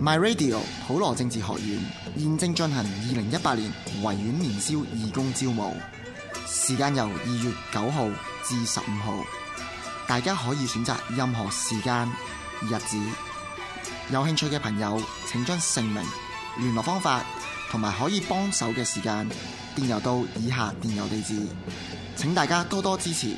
My Radio 普羅政治學院現正進行二零一八年維園年宵義工招募。時間由二月九號至十五號，大家可以選擇任何時間日子。有興趣嘅朋友，請將姓名、聯絡方法同埋可以幫手嘅時間電郵到以下電郵地址，請大家多多支持。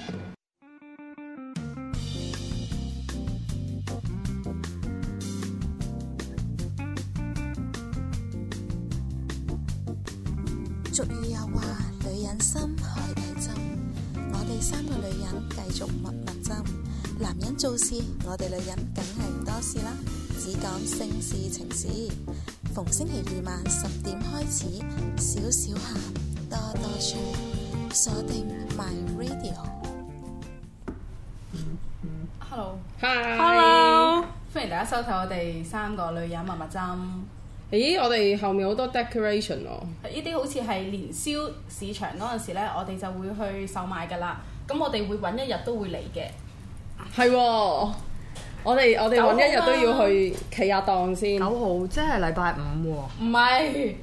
我哋女人梗係唔多事啦，只講性事情事。逢星期二晚十點開始，少少鹹，多多趣。鎖定 My Radio。Hello，hi，hello，歡迎大家收睇我哋三個女人密密針。麥麥針，咦，我哋後面多好多 decoration 哦。呢啲好似係年宵市場嗰陣時咧，我哋就會去售賣噶啦。咁我哋會搵一日都會嚟嘅。係喎，我哋我哋揾一日都要去企下檔先，啊先。九號即係禮拜五喎、啊是。唔係，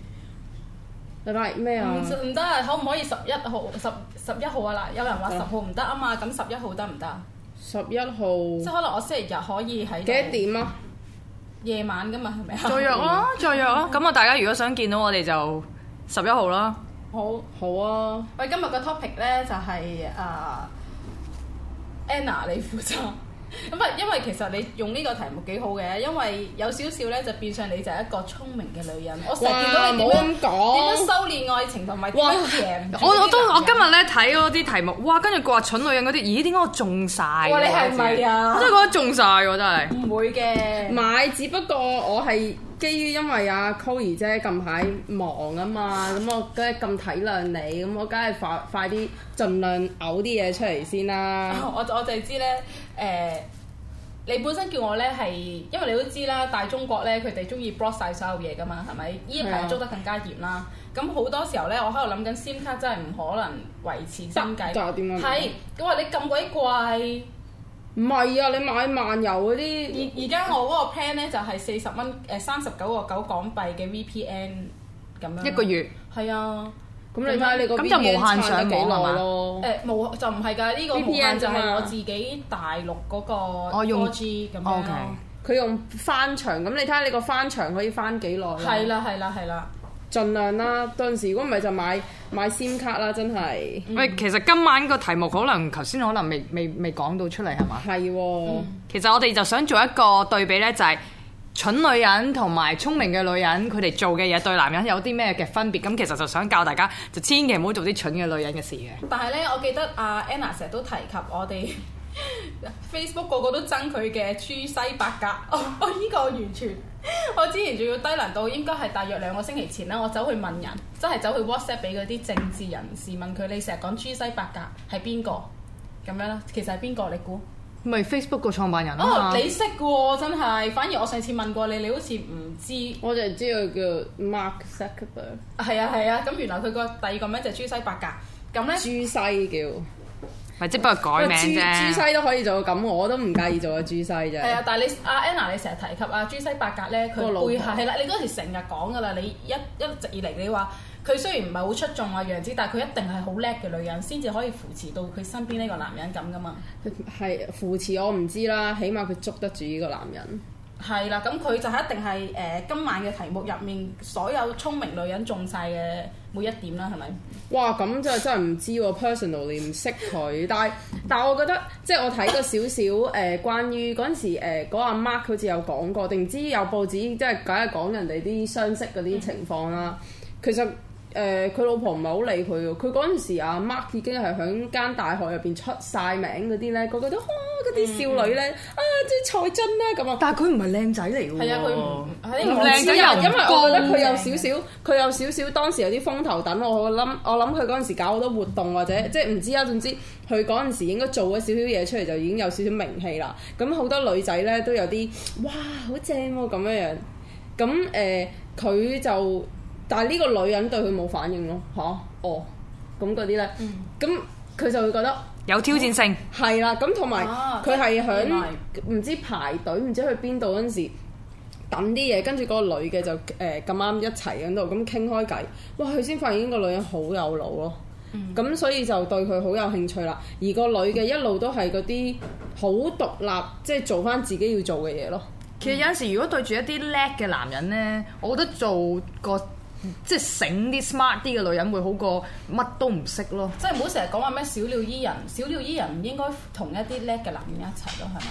禮拜咩啊？唔唔得，可唔可以十一號十十一號啊？嗱，有人話十號唔得啊嘛，咁十一號得唔得？十一號。即係可能我星期日可以喺幾多點啊？夜晚㗎嘛，係咪啊？再約啦，再約啦。咁啊，啊大家如果想見到我哋就十一號啦。 好，好啊。喂，今日個 topic 咧就係、是、誒。呃 Anna，你負責。咁啊，因為其實你用呢個題目幾好嘅，因為有少少咧就變相你就係一個聰明嘅女人哇。我成日見到你冇咁講，見到修煉愛情同埋點樣贏我我，我都我今日咧睇嗰啲題目，哇！跟住佢話蠢女人嗰啲，咦？點解我中晒？哇！你係咪啊？我真係覺得中晒，喎，真係。唔會嘅。買，只不過我係。基於因為阿溝兒姐近排忙啊嘛，咁我梗係咁體諒你，咁我梗係快快啲盡量嘔啲嘢出嚟先啦。哦、我我就係知咧，誒、呃，你本身叫我咧係，因為你都知啦，大中國咧佢哋中意 block 晒所有嘢噶嘛，係咪？呢一排捉得更加嚴啦。咁好、嗯、多時候咧，我喺度諗緊，閃卡真係唔可能維持生計。點啊？係是，咁話、嗯、你咁鬼貴。唔係啊，你買漫遊嗰啲，而而家我嗰個 plan 咧就係四十蚊，誒三十九個九港幣嘅 VPN 咁樣。一個月。係啊。咁你睇下你個咁就無限得幾耐啊？誒冇、欸，就唔係㗎，呢、這個 VPN 就係我自己大陸嗰個。哦，用 G 咁樣。O K。佢、okay. 用翻牆，咁你睇下你個翻牆可以翻幾耐咧？係啦、啊，係啦、啊，係啦、啊。盡量啦，到陣時如果唔係就買買 SIM 卡啦，真係。喂，嗯、其實今晚個題目可能頭先可能未未未講到出嚟係嘛？係喎，是哦嗯、其實我哋就想做一個對比呢就係、是、蠢女人同埋聰明嘅女人，佢哋做嘅嘢對男人有啲咩嘅分別？咁其實就想教大家，就千祈唔好做啲蠢嘅女人嘅事嘅。但係呢，我記得阿 Anna 成日都提及我哋。 Facebook 個個都憎佢嘅豬西八格，哦，呢、呢個完全，我之前仲要低能到，應該係大約兩個星期前啦，我走去問人，真係走去 WhatsApp 俾嗰啲政治人士問佢，你成日講豬西八格係邊個咁樣咧？其實係邊個？你估咪 Facebook 個創辦人、哦、啊？哦，你識嘅喎，真係。反而我上次問過你，你好似唔知。我就係知道，知道叫 Mark Zuckerberg。係啊係啊，咁、啊啊、原來佢個第二個名就係豬西八格。咁咧？豬西叫。咪即不過改名豬西都可以做咁，我都唔介意做阿豬西啫。係啊，但係你阿 Anna，你成日提及阿豬西八格咧，佢背後係啦，你嗰時成日講噶啦，你一一直以嚟你話佢雖然唔係好出眾啊樣子，但係佢一定係好叻嘅女人，先至可以扶持到佢身邊呢個男人咁噶嘛。係扶持我唔知啦，起碼佢捉得住呢個男人。係啦，咁佢就係一定係誒、呃、今晚嘅題目入面所有聰明女人中晒嘅每一點啦，係咪？哇！咁就真係唔知喎 ，personally 唔識佢，但係但係我覺得即係我睇過少少誒關於嗰陣時誒嗰阿 Mark，呃、Mark 好似有講過，定唔知有報紙即係梗係講人哋啲相識嗰啲情況啦。嗯、其實。誒佢，呃、老婆唔係好理佢喎，佢嗰陣時阿 Mark 已經係響間大學入邊出晒名嗰啲咧，嗰啲啊，嗰啲少女咧啊，即係才俊啦咁啊，俊，但係佢唔係靚仔嚟㗎喎。係啊，佢係唔靚仔啊，因為我覺得佢有少少，佢有少少當時有啲風頭，等我諗，我諗佢嗰陣時搞好多活動或者即係唔知啊，總之佢嗰陣時應該做咗少少嘢出嚟就已經有少少名氣啦，咁好多女仔咧都有啲，哇！好正喎咁樣樣，咁誒佢就但係呢個女人對佢冇反應咯，嚇、啊？哦，咁嗰啲呢？咁佢、嗯、就會覺得有挑戰性。係啦，咁同埋佢係喺唔知排隊，唔知去邊度嗰陣時等啲嘢，跟住嗰個女嘅就誒咁啱一齊喺度咁傾開偈，哇！佢先發現呢個女人好有腦咯，咁、嗯、所以就對佢好有興趣啦。而個女嘅一路都係嗰啲好獨立，即、就、係、是、做翻自己要做嘅嘢咯。嗯、其實有陣時，如果對住一啲叻嘅男人呢，我覺得做個即係醒啲、smart 啲嘅女人會好過乜都唔識咯。即係唔好成日講話咩小鳥依人，小鳥依人唔應該同一啲叻嘅男人一齊咯，係嘛？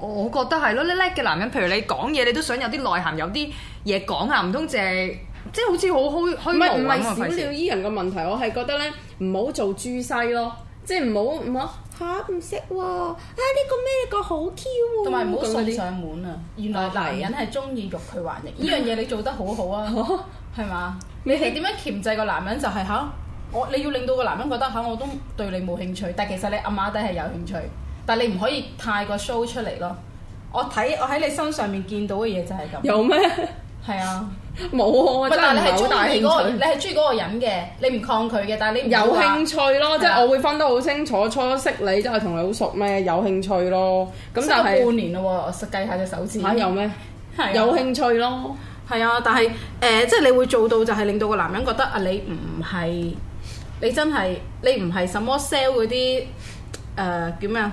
我覺得係咯，你叻嘅男人，譬如你講嘢，你都想有啲內涵，有啲嘢講啊，唔通淨即係好似好虛虛唔係小鳥依人嘅問,問題，我係覺得咧，唔好做豬西咯，即係唔好唔好嚇唔識喎啊！呢、啊呢個咩、啊呢個好 Q？同埋唔好送上門啊！些原來男人係中意欲拒還迎，呢樣嘢你做得好好啊！ 係嘛？你係點樣鉗制個男人，就係嚇我，你要令到個男人覺得嚇我都對你冇興趣，但係其實你暗下底係有興趣，但係你唔可以太過 show 出嚟咯。我睇我喺你身上面見到嘅嘢就係咁。有咩？係啊，冇啊，我真係冇。但係你係中意嗰個，你係中意嗰個人嘅，你唔抗拒嘅，但係你有興趣咯，即係我會分得好清楚，初識你真係同你好熟咩？有興趣咯。咁但係半年嘞喎，我計下隻手指嚇有咩？有興趣咯。係啊，但係誒、呃，即係你會做到就係令到個男人覺得啊，你唔係你真係你唔係什麼 sell 嗰啲誒叫咩啊？呃、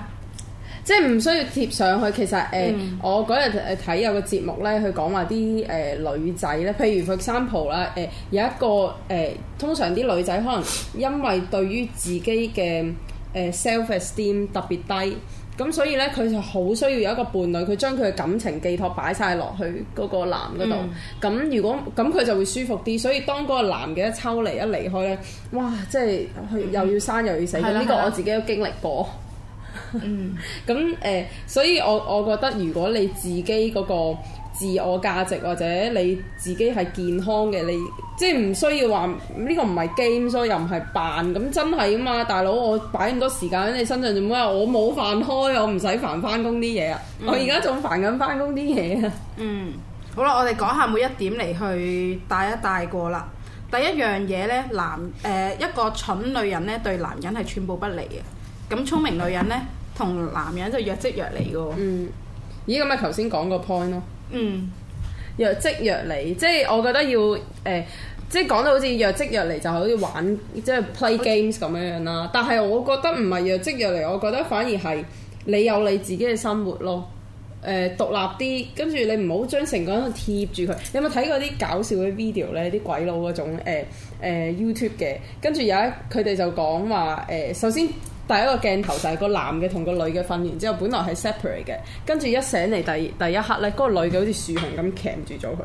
即係唔需要貼上去。其實誒，呃嗯、我嗰日誒睇有個節目咧，佢講話啲誒女仔咧，譬如 for example 啦，誒、呃、有一個誒、呃，通常啲女仔可能因為對於自己嘅誒、呃、self-esteem 特別低。咁所以咧，佢就好需要有一個伴侶，佢將佢嘅感情寄託擺晒落去嗰個男嗰度。咁、嗯、如果咁佢就會舒服啲。所以當嗰個男嘅一抽離一離開咧，哇！即係又要生又要死。咁呢、嗯、個我自己都經歷過。嗯。咁誒、 呃，所以我我覺得如果你自己嗰、嗰個自我價值或者你自己係健康嘅，你即係唔需要話呢、這個唔係 game，所以又唔係扮咁真係啊嘛，大佬我擺咁多時間喺你身上做咩啊？我冇飯開，我唔使煩翻工啲嘢啊。嗯、我而家仲煩緊翻工啲嘢啊。嗯，好啦，我哋講下每一點嚟去帶一帶過啦。第一樣嘢呢，男誒、呃、一個蠢女人呢對男人係寸步不離嘅，咁聰明女人呢，同男人就若即若離嘅喎。嗯，咦咁咪頭先講個 point 咯。嗯，若即若離，即係我覺得要誒、呃，即係講到好似若即若離就係好似玩即係 play games 咁樣樣啦。像但係我覺得唔係若即若離，我覺得反而係你有你自己嘅生活咯。誒、呃，獨立啲，跟住你唔好將成個人貼住佢。你有冇睇過啲搞笑嘅 video 呢？啲鬼佬嗰種誒、呃呃、YouTube 嘅，跟住有一佢哋就講話誒，首先。第一個鏡頭就係個男嘅同個女嘅瞓完之後，本來係 separate 嘅，跟住一醒嚟第第一刻咧，嗰個女嘅好似樹熊咁鉗住咗佢，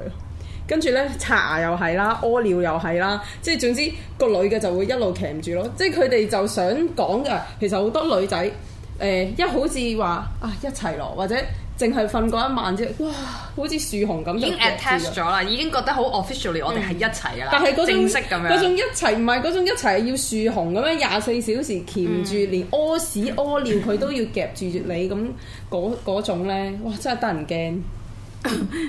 跟住咧刷牙又係啦，屙尿又係啦，即係總之個女嘅就會一路鉗住咯，即係佢哋就想講㗎，其實好多女仔誒、呃、一好似話啊一齊攞或者。淨係瞓過一晚啫，哇，好似樹熊咁，已經 attach 咗啦，已經覺得好 officially，、嗯、我哋係一齊噶啦，但種正式咁樣。嗰種一齊唔係嗰種一齊要樹熊咁樣廿四小時鉗住，連屙、嗯、屎屙尿佢都要夾住你咁，嗰嗰 種咧，哇，真係得人驚。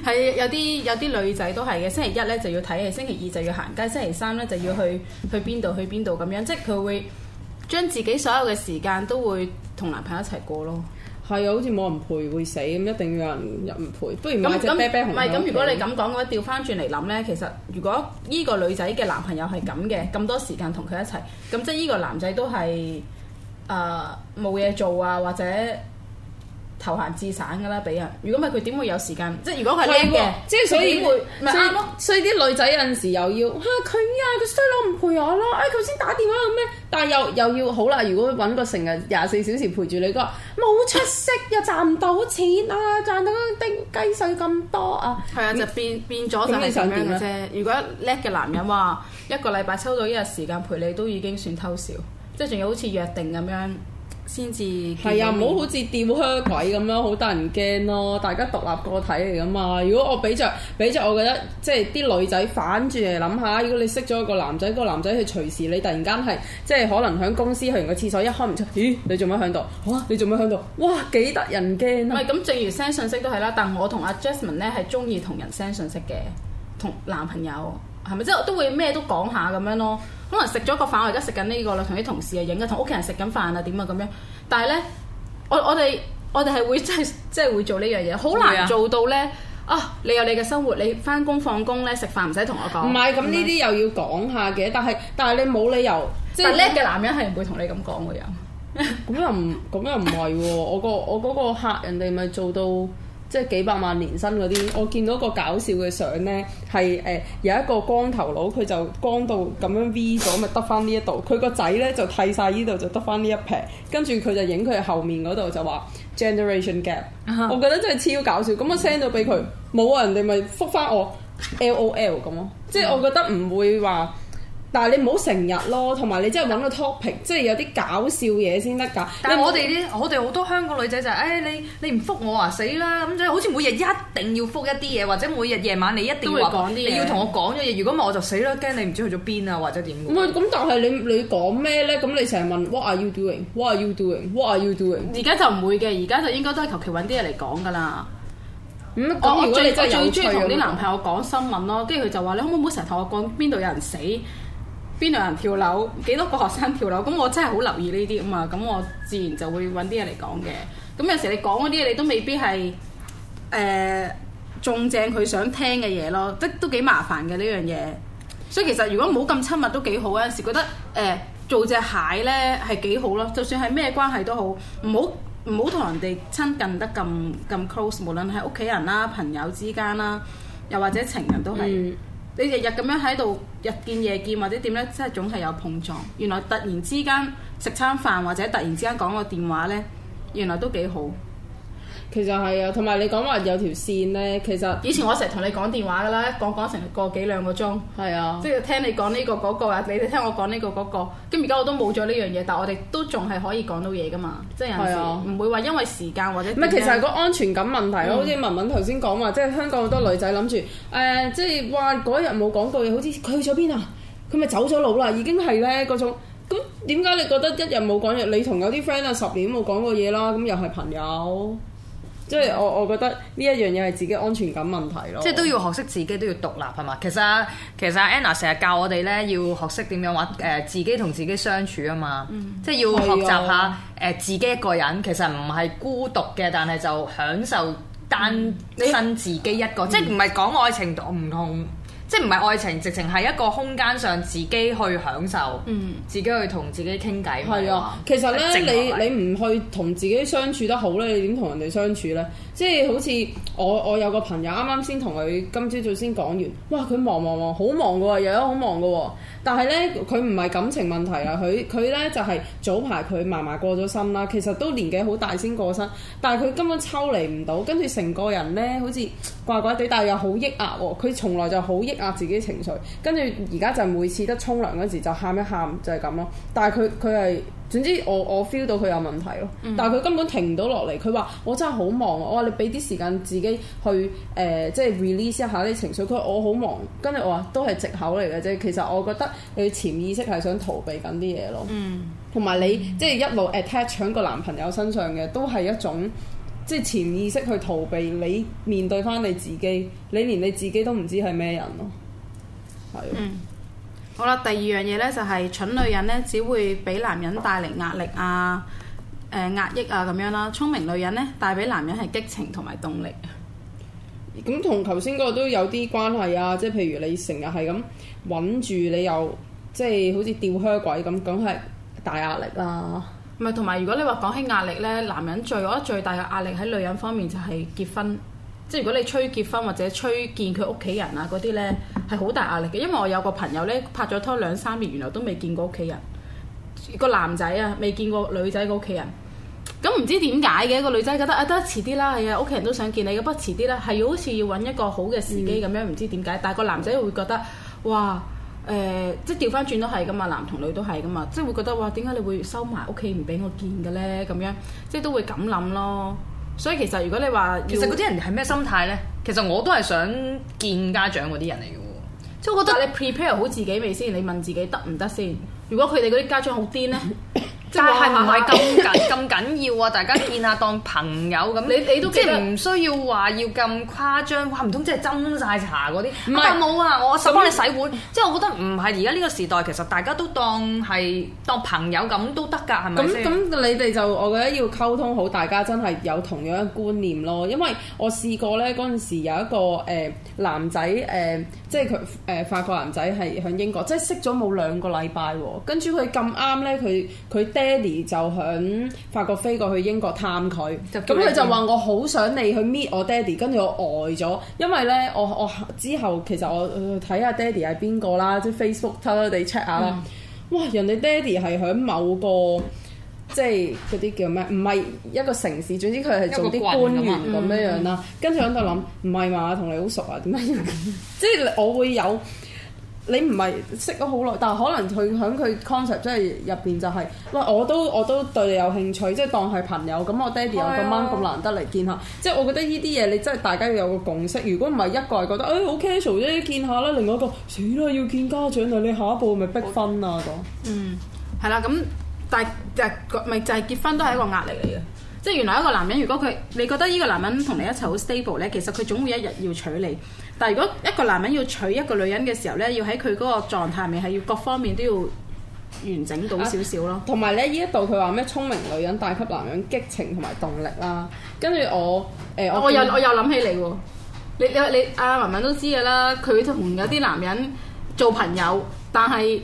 係 有啲有啲女仔都係嘅，星期一咧就要睇戲，星期二就要行街，星期三咧就要去去邊度去邊度咁樣，即係佢會將自己所有嘅時間都會同男朋友一齊過咯。係啊，好似冇人陪會死咁，一定有人入唔陪，不如買隻啤啤熊。唔係咁，如果你咁講嘅話，調翻轉嚟諗咧，其實如果呢個女仔嘅男朋友係咁嘅，咁多時間同佢一齊，咁即係呢個男仔都係誒冇嘢做啊，或者。投閒自省噶啦，俾人。如果唔係佢點會有時間？即係如果係叻嘅，即係所以咪啱咯。所以啲女仔有陣時又要嚇佢啊，佢衰佬唔陪我咯。哎，頭先打電話咁咩？但係又又要好啦。如果揾個成日廿四小時陪住你，佢冇出息又賺唔到錢啊，賺到啲雞碎咁多啊。係啊，就變變咗就係咁樣嘅啫。如果叻嘅男人話一個禮拜抽到一日時間陪你，都已經算偷笑。即係仲要好似約定咁樣。先至係啊！唔好好似吊靴鬼咁樣，好得人驚咯。大家獨立個體嚟噶嘛。如果我俾着俾着，我覺得即係啲女仔反住嚟諗下，如果你識咗一個男仔，個男仔佢隨時你突然間係即係可能喺公司去完個廁所一開唔出，咦？你做乜喺度？好啊，你做乜喺度？哇！幾得人驚啊！咪咁，正如 send 信息都係啦。但我同阿 Jasmine 咧係中意同人 send 信息嘅，同男朋友。係咪即係都會咩都講下咁樣咯？可能食咗個飯，或者食緊呢個啦，同啲同事啊影啊，同屋企人食緊飯啊，點啊咁樣。但係咧，我我哋我哋係會真係真係會做呢樣嘢，好難做到咧。啊、啊，你有你嘅生活，你翻工放工咧食飯唔使同我講。唔係，咁呢啲又要講下嘅，但係但係你冇理由。即係叻嘅男人係唔會同你咁講嘅又。咁又唔咁又唔係喎，我、嗰個我嗰個客人哋咪做到。即係幾百萬年薪嗰啲，我見到個搞笑嘅相呢，係、呃、誒有一個光頭佬，佢就光到咁樣 V 咗，咪得翻呢一度。佢個仔呢，就，就剃晒呢度，就得翻呢一撇。跟住佢就影佢後面嗰度，就話 Generation Gap。啊、我覺得真係超搞笑。咁我 send 到俾佢，冇啊，人哋咪復翻我 LOL 咁咯。即係我覺得唔會話。但係你唔好成日咯，同埋你真係揾個 topic，即係有啲搞笑嘢先得㗎。但係我哋啲我哋好多香港女仔就係、是，誒、哎、你你唔覆我啊，死啦，咁即係好似每日一定要覆一啲嘢，或者每日夜晚你一定要講啲嘢。你要同我講咗嘢，如果唔係我就死啦，驚你唔知去咗邊啊或者點。唔係咁，但係你你講咩呢？咁你成日問 What are you doing? What are you doing? What are you doing? 而家就唔會嘅，而家就應該都係求其揾啲嘢嚟講㗎啦。咁講、嗯、如果你真、哦、最最中意同啲男朋友講新聞咯，跟住佢就話你可唔可以成日同我講邊度有人死？邊度人跳樓？幾多個學生跳樓？咁我真係好留意呢啲吖嘛。咁我自然就會揾啲嘢嚟講嘅。咁有時你講嗰啲嘢，你都未必係誒中正佢想聽嘅嘢咯。即都幾麻煩嘅呢樣嘢。所以其實如果冇咁親密都幾好。有時覺得誒、呃、做隻蟹呢係幾好咯。就算係咩關係都好，唔好唔好同人哋親近得咁咁 close。無論係屋企人啦、啊、朋友之間啦、啊，又或者情人都係。嗯。你日日咁樣喺度日見夜見，或者點咧，即係總係有碰撞。原來突然之間食餐飯，或者突然之間講個電話呢，原來都幾好。其實係啊，同埋你講話有條線呢。其實以前我成日同你講電話㗎啦，講講成個幾兩個鐘，係啊，即係聽你講呢個嗰個啊，你哋聽我講呢個嗰個，咁而家我都冇咗呢樣嘢，但係我哋都仲係可以講到嘢㗎嘛，即係，係啊，唔會話因為時間或者唔係，其實係個安全感問題咯。好似雯雯頭先講話，即係香港好多女仔諗住誒，即係話嗰日冇講到嘢，好似佢去咗邊啊？佢咪走咗路啦？已經係呢嗰種。咁點解你覺得一日冇講嘢，你同有啲 friend 啊十年冇講過嘢啦，咁又係朋友？即係我我覺得呢一樣嘢係自己安全感問題咯。即係都要學識自己，都要獨立係嘛？其實其實 Anna 成日教我哋咧，要學識點樣話誒，自己同自己相處啊嘛。嗯、即係要學習下誒，自己一個人、嗯、其實唔係孤獨嘅，但係就享受單身自己一個。嗯欸、即係唔係講愛情度唔同。即係唔係愛情，直情係一個空間上自己去享受，嗯、自己去同自己傾偈。係啊，其實呢，確你你唔去同自己相處得好呢，你點同人哋相處呢？即係好似我我有個朋友啱啱先同佢今朝早先講完，哇！佢忙忙忙，好忙㗎，又有好忙㗎。但係呢，佢唔係感情問題啊，佢佢呢就係、是、早排佢嫲嫲過咗身啦。其實都年紀好大先過身，但係佢根本抽離唔到，跟住成個人呢好似。怪怪哋，但係又好抑壓喎。佢從來就好抑壓自己情緒，跟住而家就每次得沖涼嗰時就喊一喊，就係咁咯。但係佢佢係總之我，我我 feel 到佢有問題咯。嗯、但係佢根本停唔到落嚟。佢話：我真係好忙。我話，你俾啲時間自己去誒、呃，即係 release 一下啲情緒。佢話我好忙，跟住我話都係藉口嚟嘅啫。其實我覺得你潛意識係想逃避緊啲嘢咯。嗯，同埋你、嗯、即係一路 attach 喺個男朋友身上嘅，都係一種。即係潛意識去逃避你面對翻你自己，你連你自己都唔知係咩人咯。係。嗯。好啦，第二樣嘢呢、就係，就係蠢女人呢，只會俾男人帶嚟壓力啊、誒、呃、壓抑啊咁樣啦、啊。聰明女人呢，帶俾男人係激情同埋動力。咁同頭先嗰個都有啲關係啊！即係譬如你成日係咁揾住，你又即係好似吊靴鬼咁，梗係大壓力啦、啊。同埋，如果你話講起壓力呢，男人最我覺得最大嘅壓力喺女人方面就係結婚，即係如果你催結婚或者催見佢屋企人啊嗰啲呢，係好大壓力嘅。因為我有個朋友呢，拍咗拖兩三年，原來都未見過屋企人，個男仔啊未見過女仔嘅屋企人。咁唔知點解嘅個女仔覺得啊得，遲啲啦，係啊，屋企人都想見你，不遲啲啦，係好似要揾一個好嘅時機咁樣，唔知點解。但係個男仔會覺得，哇！誒、呃，即係調翻轉都係噶嘛，男同女都係噶嘛，即係會覺得哇，點解你會收埋屋企唔俾我見嘅咧？咁樣即係都會咁諗咯。所以其實如果你話其實嗰啲人係咩心態咧？其實我都係想見家長嗰啲人嚟嘅喎。即係我覺得，你 prepare 好自己未先？你問自己得唔得先？如果佢哋嗰啲家長好癲咧？ 但係唔係咁緊咁緊要啊？ 大家見下當朋友咁，你你都即係唔需要話要咁誇張，話唔通即係斟晒茶嗰啲？唔係冇啊，我手幫你洗碗。這麼 即係我覺得唔係而家呢個時代，其實大家都當係當朋友咁都得㗎，係咪先？咁咁你哋就我覺得要溝通好，大家真係有同樣嘅觀念咯。因為我試過咧，嗰陣時有一個誒、呃、男仔誒、呃，即係佢誒法國男仔係喺英國，即係識咗冇兩個禮拜喎，跟住佢咁啱咧，佢佢。爹哋就響法國飛過去英國探佢，咁佢就話我好想你去 meet 我爹哋，跟住我呆咗，因為咧我我之後其實我睇下爹哋係邊個啦，即係 Facebook 偷偷地 check 下啦，嗯、哇，人哋爹哋係響某個即係嗰啲叫咩？唔係一個城市，總之佢係做啲官員咁、嗯、樣樣啦、嗯。跟住喺度諗，唔係嘛，同你好熟啊？點解要咁？嗯、 即係我會有。你唔係識咗好耐，但係可能佢響佢 concept 即係入邊就係、是，喂我都我都對你有興趣，即係當係朋友。咁我爹哋有咁啱咁難得嚟見下，啊、即係我覺得呢啲嘢你真係大家要有個共識。如果唔係一個係覺得誒好、哎、casual 啫見下啦，另外一個死啦要見家長啊，你下一步咪逼婚啊咁？好樣嗯，係啦，咁但係就係、是、咪就係、是、結婚都係一個壓力嚟嘅， 即係原來一個男人如果佢你覺得呢個男人同你一齊好 stable 咧，其實佢總會一日要娶你。但如果一個男人要娶一個女人嘅時候咧，要喺佢嗰個狀態面係要各方面都要完整到少少咯。同埋咧，呢一度佢話咩？聰明女人帶給男人激情同埋動力啦。跟住我，誒、欸、我我又我又諗起你喎。你你阿、啊、文文都知㗎啦。佢同有啲男人做朋友，但係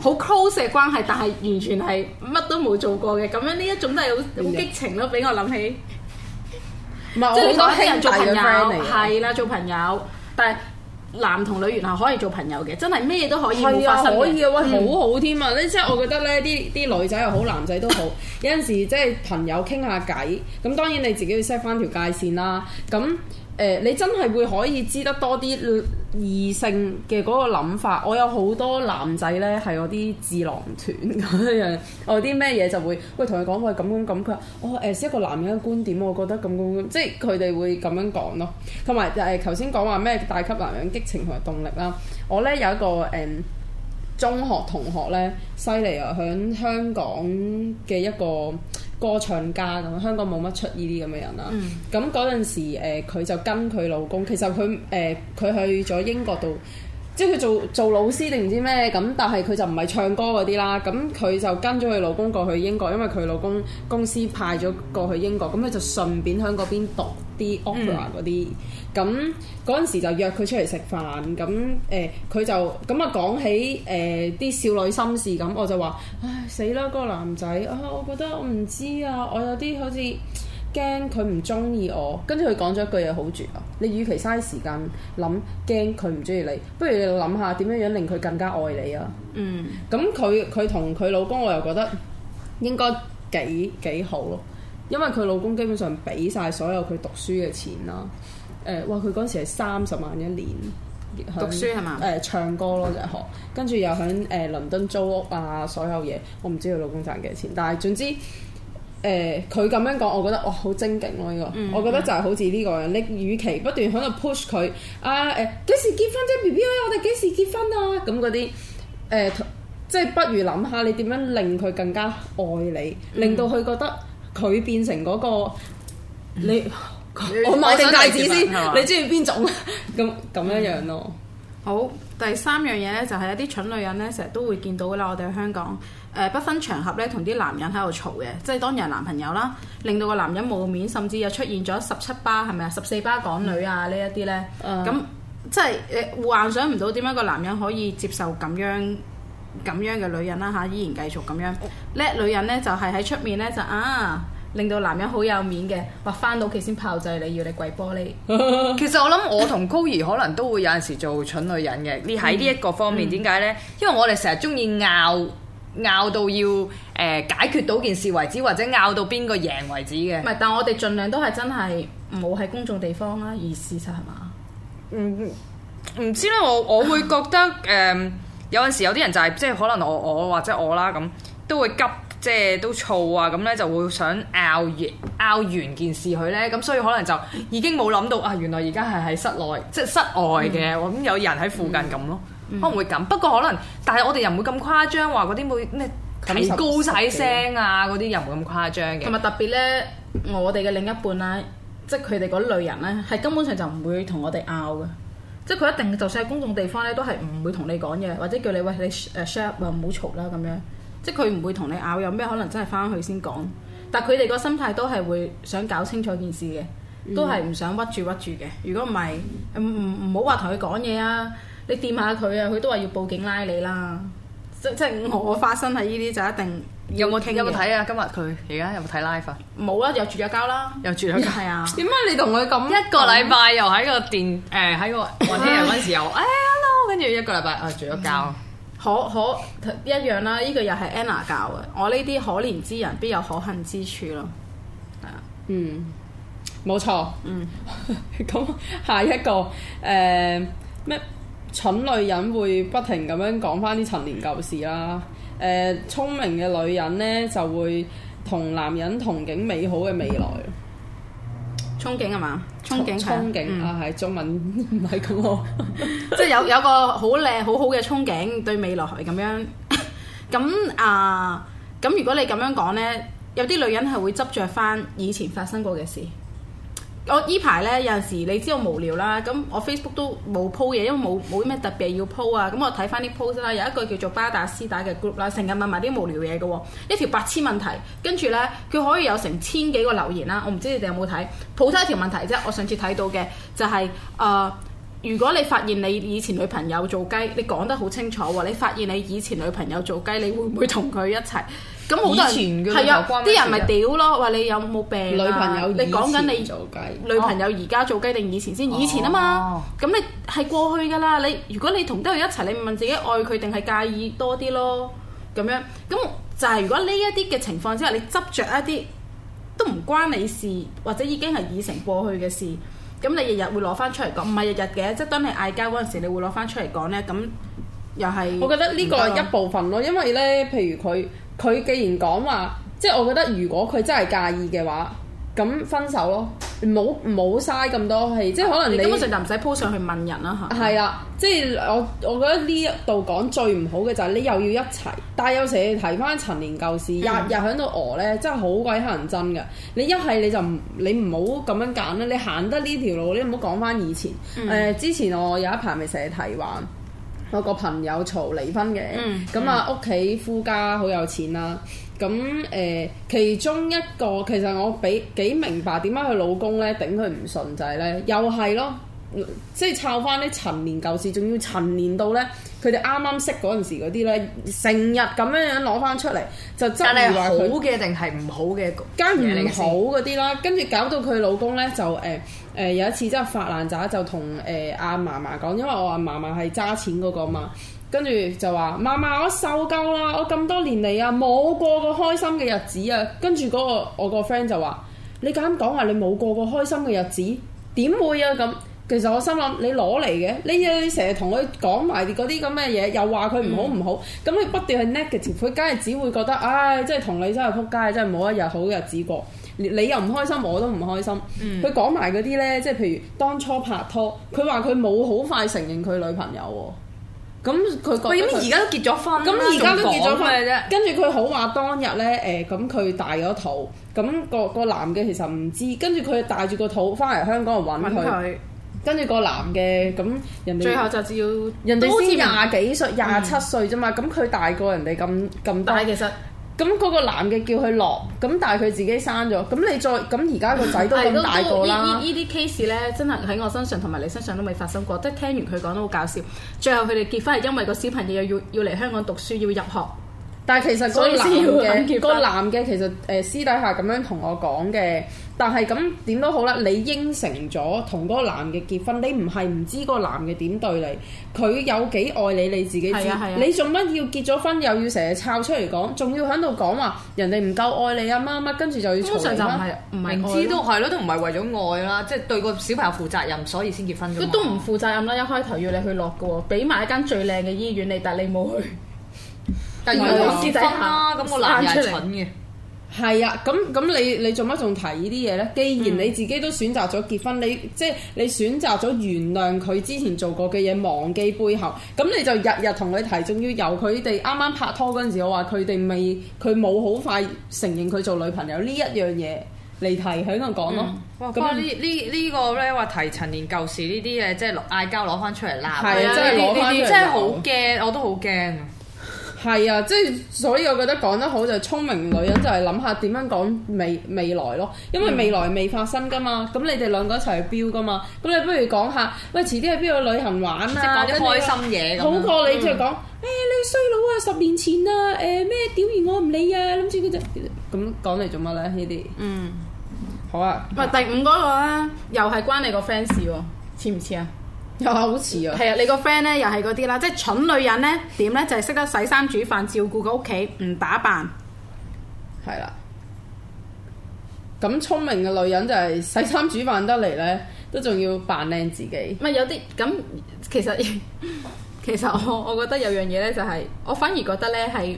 好 close 嘅關係，但係完全係乜都冇做過嘅。咁樣呢一種真係好好激情咯，俾的我諗起。唔係， 即係講啲人做朋友，係啦、 啊，做朋友。但係男同女原來可以做朋友嘅，真係咩都可以 發生嘅。係啊，可以啊，喂，好好添啊！你、嗯、即係我覺得咧，啲啲女仔又好，男仔都好。 有陣時即係朋友傾下偈，咁當然你自己要 set 翻條界線啦。咁誒、呃，你真係會可以知得多啲。異性嘅嗰個諗法，我有好多男仔呢係嗰啲智囊團咁樣， 我啲咩嘢就會喂同佢講，喂，咁咁咁，佢話我誒係一個男人嘅觀點，我覺得咁咁，即係佢哋會咁樣講咯。同埋就係頭先講話咩帶給男人激情同埋動力啦，我呢有一個誒、呃中學同學咧犀利啊，響香港嘅一個歌唱家咁，香港冇乜出呢啲咁嘅人啦。咁嗰陣時、呃、佢就跟佢老公，其實佢誒佢去咗英國度。即係佢做做老師定唔知咩咁，但係佢就唔係唱歌嗰啲啦。咁佢就跟咗佢老公過去英國，因為佢老公公司派咗過去英國，咁佢就順便喺嗰邊讀啲 opera 嗰啲。咁嗰陣時就約佢出嚟食飯，咁誒佢就咁啊講起誒啲、呃、少女心事咁，我就話唉死啦！嗰、嗰個男仔啊，我覺得我唔知啊，我有啲好似。驚佢唔中意我，跟住佢講咗一句嘢好絕啊！你與其嘥時間諗驚佢唔中意你，不如你諗下點樣樣令佢更加愛你啊！嗯，咁佢佢同佢老公，我又覺得應該幾幾好咯，因為佢老公基本上俾晒所有佢讀書嘅錢啦。誒、呃，哇！佢嗰時係三十萬一年讀書係嘛？誒、呃、唱歌咯就學，跟住又喺誒倫敦租屋啊，所有嘢我唔知佢老公賺幾幾錢，但係總之。誒，佢咁樣講，我覺得哇，好精勁咯呢個，我覺得就係好似呢個人，你與其不斷喺度 push 佢，啊，誒幾時結婚啫 B B 咧，我哋幾時結婚啊咁，嗰啲，誒即係不如諗下你點樣令佢更加愛你，令到佢覺得佢變成嗰個你，我買定戒指先，你中意邊種咁咁樣樣咯？好，第三樣嘢咧就係一啲蠢女人咧，成日都會見到噶啦，我哋香港。誒不分場合咧，同啲男人喺度嘈嘅，即係當人男朋友啦，令到個男人冇面，甚至又出現咗十七巴係咪啊？十四巴港女啊呢一啲呢，咁、嗯、即係誒、呃、幻想唔到點樣個男人可以接受咁樣咁樣嘅女人啦嚇，依然繼續咁樣叻、嗯、女人呢，就係喺出面呢，就啊，令到男人好有面嘅，話翻到屋企先炮製你，要你跪玻璃。 其實我諗我同溝兒可能都會有陣時做蠢女人嘅，你喺呢一個方面點解呢？因為我哋成日中意拗。拗到要誒解決到件事為止，或者拗到邊個贏為止嘅。唔係，但係我哋盡量都係真係冇喺公眾地方啦，而事實係嘛？唔唔、嗯、知咧，我我會覺得誒、呃，有陣時有啲人就係即係可能我我或者我啦咁，都會急即係都燥啊咁咧，就會想拗完拗完件事佢咧，咁所以可能就已經冇諗到啊！原來而家係喺室內，即係室外嘅咁、嗯、有人喺附近咁咯、嗯。可能會咁，不過可能，但係我哋又唔會咁誇張，話嗰啲會咩高晒聲啊，嗰啲又冇咁誇張嘅。同埋、嗯、特別呢，我哋嘅另一半呢，即係佢哋嗰類人呢，係根本上就唔會同我哋拗嘅，即係佢一定，就算喺公眾地方呢，都係唔會同你講嘢，或者叫你喂你誒 share，唔好嘈啦咁樣。即係佢唔會同你拗，有咩可能真係翻去先講？但係佢哋個心態都係會想搞清楚件事嘅，都係唔想屈住屈住嘅。如果唔係，唔唔唔好話同佢講嘢啊！你掂下佢啊，佢都話要報警拉你啦。即即係我發生喺呢啲就一定有冇聽有冇睇啊？今日佢而家有冇睇 live 啊？冇啊，又住咗交啦，又住咗交。係啊。點解你同佢咁？一個禮拜又喺個電誒喺、呃、個我聽日嗰陣時候， 哎呀，跟住、哎、一個禮拜住咗交、啊。可可 一樣啦、啊，呢、這個又係 Anna 教嘅。我呢啲可憐之人必有可恨之處咯。係啊，嗯，冇錯錯，嗯。咁 下一個誒咩？呃蠢女人會不停咁樣講翻啲陳年舊事啦，誒、呃，聰明嘅女人呢，就會同男人憧憬美好嘅未來，憧憬係嘛？憧憬憧憬，憧憬啊，係中文唔係咁喎， 即係有有個好靚好好嘅憧憬對未來係咁樣，咁 啊，咁、呃、如果你咁樣講呢，有啲女人係會執着翻以前發生過嘅事。我依排咧有陣時，你知道無聊啦，咁我 Facebook 都冇鋪嘢，因為冇冇咩特別要鋪啊。咁我睇翻啲 post 啦、啊，有一個叫做巴打斯打嘅 group 啦，成日問埋啲無聊嘢嘅喎，一條白痴問題，跟住呢，佢可以有成千幾個留言啦。我唔知你哋有冇睇，鋪咗一條問題啫。我上次睇到嘅就係、是、誒、呃，如果你發現你以前女朋友做雞，你講得好清楚喎、哦，你發現你以前女朋友做雞，你會唔會同佢一齊？咁好多人係啊！啲人咪屌咯，話你有冇病？女朋友、啊、你講緊、啊、朋友以前做雞。你你女朋友而家做雞定、哦、以前先？以前啊嘛，咁、哦、你係過去㗎啦。你如果你同得佢一齊，你問自己愛佢定係介意多啲咯？咁樣咁就係如果呢一啲嘅情況之下，你執着一啲都唔關你事，或者已經係已成過去嘅事，咁你日日會攞翻出嚟講，唔係日日嘅， 即係當你嗌交嗰陣時，你會攞翻出嚟講咧，咁又係。我覺得呢個係一部分咯，因為咧，譬如佢。佢既然講話，即係我覺得，如果佢真係介意嘅話，咁分手咯，唔好嘥咁多氣，即係可能你根本上就唔使鋪上去問人啦嚇。係啦、嗯，即係我我覺得呢一度講最唔好嘅就係你又要一齊，但係有時要提翻陳年舊事，日日喺度餓咧，真係好鬼乞人憎嘅。你一係你就唔你唔好咁樣揀啦，你行得呢條路，你唔好講翻以前。誒、嗯呃，之前我有一排咪成日提話。我個朋友嘈離婚嘅，咁、嗯、啊屋企夫家好有錢啦、啊，咁誒、呃、其中一個其實我比幾明白點解佢老公咧頂佢唔順仔咧，又係咯。即係抄翻啲陳年舊事，仲要陳年到呢，佢哋啱啱識嗰陣時嗰啲呢，成日咁樣樣攞翻出嚟，就真係好嘅定係唔好嘅，梗唔好嗰啲啦。跟住搞到佢老公呢，就誒誒、欸呃、有一次真係發爛渣，就同誒阿嫲嫲講，因為我阿嫲嫲係揸錢嗰個嘛，跟住就話嫲嫲，我受夠啦，我咁多年嚟啊冇過過開心嘅日子啊。跟住嗰個我個 friend 就話你咁講話你冇過過開心嘅日子點會啊咁。其實我心諗你攞嚟嘅你一成日同佢講埋嗰啲咁嘅嘢，又話佢唔好唔好，咁佢、嗯、不，不斷去 negative，佢梗係只會覺得唉，即係同你真係撲街，真係冇一日好日子過。你又唔開心，我都唔開心。佢講埋嗰啲呢，即係譬如當初拍拖，佢話佢冇好快承認佢女朋友喎。咁佢點？而家都結咗婚，啊，咁而家都結咗婚啫。跟住佢好話當日呢，誒咁佢大咗肚，咁個個男嘅其實唔知，跟住佢帶住個肚返嚟香港嚟揾佢。跟住個男嘅咁人哋最後就照人哋先廿幾歲，廿七歲啫嘛。咁佢、嗯、大過人哋咁咁大。大其實咁嗰個男嘅叫佢落，咁但係佢自己生咗。咁你再咁而家個仔 都咁大個啦。呢呢啲 case 咧，真係喺我身上同埋你身上都未發生過。即係聽完佢講都好搞笑。最後佢哋結婚係因為個小朋友要要嚟香港讀書要入學。但係其實嗰個男嘅嗰、這個男嘅其實誒、呃、私底下咁樣同我講嘅。但係咁點都好啦，你應承咗同嗰個男嘅結婚，你唔係唔知嗰個男嘅點對你，佢有幾愛你你自己知，啊啊、你做乜要結咗婚又要成日抄出嚟講，仲要喺度講話人哋唔夠愛你啊乜乜，跟住就要吵啦。就唔係愛？都係咯，都唔係為咗愛啦，即係、就是、對個小朋友負責任，所以先結婚啫嘛。都唔負責任啦，一開頭要你去落嘅喎，俾埋一間最靚嘅醫院你，但你冇去。 但你去對結婚啦，咁個走男人係蠢嘅來。係啊，咁咁你你做乜仲提呢啲嘢呢？既然你自己都選擇咗結婚，嗯、你即係你選擇咗原諒佢之前做過嘅嘢，忘記背後，咁你就日日同佢提。仲要由佢哋啱啱拍拖嗰陣時，我話佢哋未，佢冇好快承認佢做女朋友呢一樣嘢嚟提喺度講咯。哇！咁呢呢呢個話提陳年舊事呢啲嘢，即係嗌交攞翻出嚟鬧，真係攞翻樣，真係好驚，啊、我都好驚。係啊，即係所以我覺得講得好就聰明女人就係諗下點樣講未未來咯，因為未來未發生噶嘛，咁你哋兩個一齊去標噶嘛，咁你不如講下，喂，遲啲去邊度旅行玩啦，講啲、啊、開心嘢，好過你即係講誒你衰佬啊十年前啊誒咩屌完我唔理啊諗住佢就，咁講嚟做乜咧呢啲？嗯好、啊，好啊，喂第五嗰個像像啊，又係關你個 fans 喎，似唔似啊？又好似啊！係啊，你個 friend 咧又係嗰啲啦，即係蠢女人咧點咧就係、是、識得洗衫煮飯照顧個屋企，唔打扮係啦。咁聰、啊、明嘅女人就係洗衫煮飯得嚟咧，都仲要扮靚自己。唔係有啲咁，其實其實我我覺得有樣嘢咧，就係我反而覺得咧係